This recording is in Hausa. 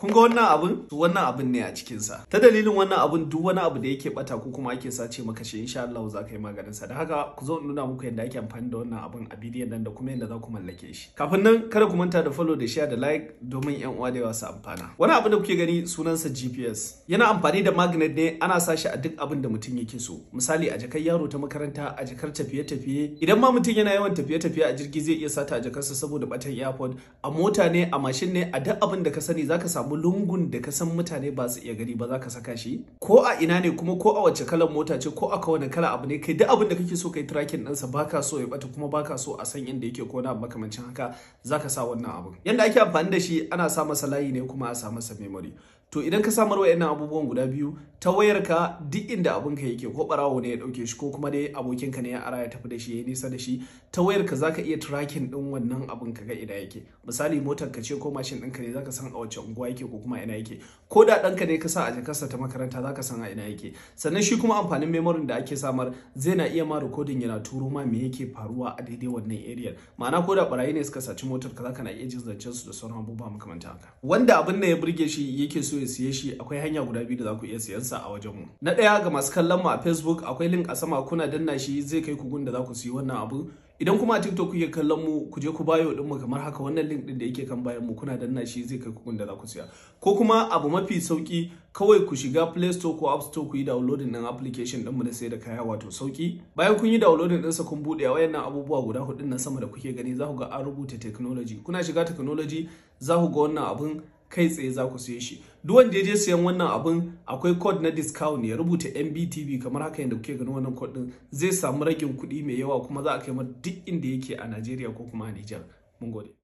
kun ga wannan abun wannan abun ne a cikin sa ta dalilin wannan abun duk wani abu da yake bata ko kuma ake sace maka shi insha Allah za ka yi maganin sa da haka ku zo nuna muku yadda ake amfani da wannan abun a bidiyon nan da kuma yadda za ku mallake shi kafin nan kada ku manta da follow da share da like domin yan uwa da su amfana wani abu da kuke gani sunan sa GPS yana amfani da magnet ne ana sa shi a duk abin da mutum yake so misali a jakar yaro ta makaranta a jakar tafiye-tafiye idan ma mutum yana yawan tafiye-tafiye a jirgi zai iya sata a jakarsa saboda batan airport a mota ne a mashin ne a duk abin da ka sani zaka samu samu lungun da ka san mutane ba su iya gani ba za ka saka shi ko a ina ne kuma ko a wace kalan mota ce ko a wani kala abu ne kai duk abin da kake so kai tracking ba ka so ya bata kuma ba ka so a san inda yake ko na makamancin haka za ka sa wannan abun yanda ake amfani da shi ana sa masa layi ne kuma a sa masa memory to idan ka samar wa'annan abubuwan guda biyu ta wayarka duk inda abinka yake ko barawo ne ya dauke shi ko kuma dai abokinka ne ya ara ya tafi da shi ya nisa da shi ta wayarka zaka iya tracking din wannan abin ka ga ina yake misali motar ka ce ko mashin ka ne zaka san a wace unguwa yake ko kuma ina yake ko da ka ne ka sa a jakarsa ta makaranta zaka san a ina yake sannan shi kuma amfanin memory da ake samar zai na iya ma recording yana turo ma me yake faruwa a daidai wannan area ma'ana ko da barayi ne suka saci motar ka zaka na iya jin zancen su da sauran abubuwa makamantan haka wanda abin da ya burge shi yake so ya siye shi akwai hanya guda biyu da za ku iya siyan sa a wajen mu na ɗaya ga masu kallon mu a facebook akwai link a sama kuna danna shi zai kai ku gun da za ku siyi wannan abu idan kuma a tiktok kuke kallon mu ku je ku bayo din mu kamar haka wannan link din da yake kan bayan mu kuna danna shi zai kai ku da za ku siya ko kuma abu mafi sauki kawai ku shiga play store ko app store ku yi downloading din application din mu da sai da kaya wato sauki bayan kun yi downloading din sa kun bude wayannan abubuwa guda hudu nan sama da kuke gani za ku ga an rubuta technology kuna shiga technology za ku ga wannan abun kai tsaye za ku siye shi duk wanda ya je sayan wannan abin akwai code na discount ya rubuta MBTV kamar haka yadda kuke ganin wannan code din zai samu ragin kuɗi mai yawa kuma za a kai mar duk inda yake a Najeriya ko kuma a Nijar mun gode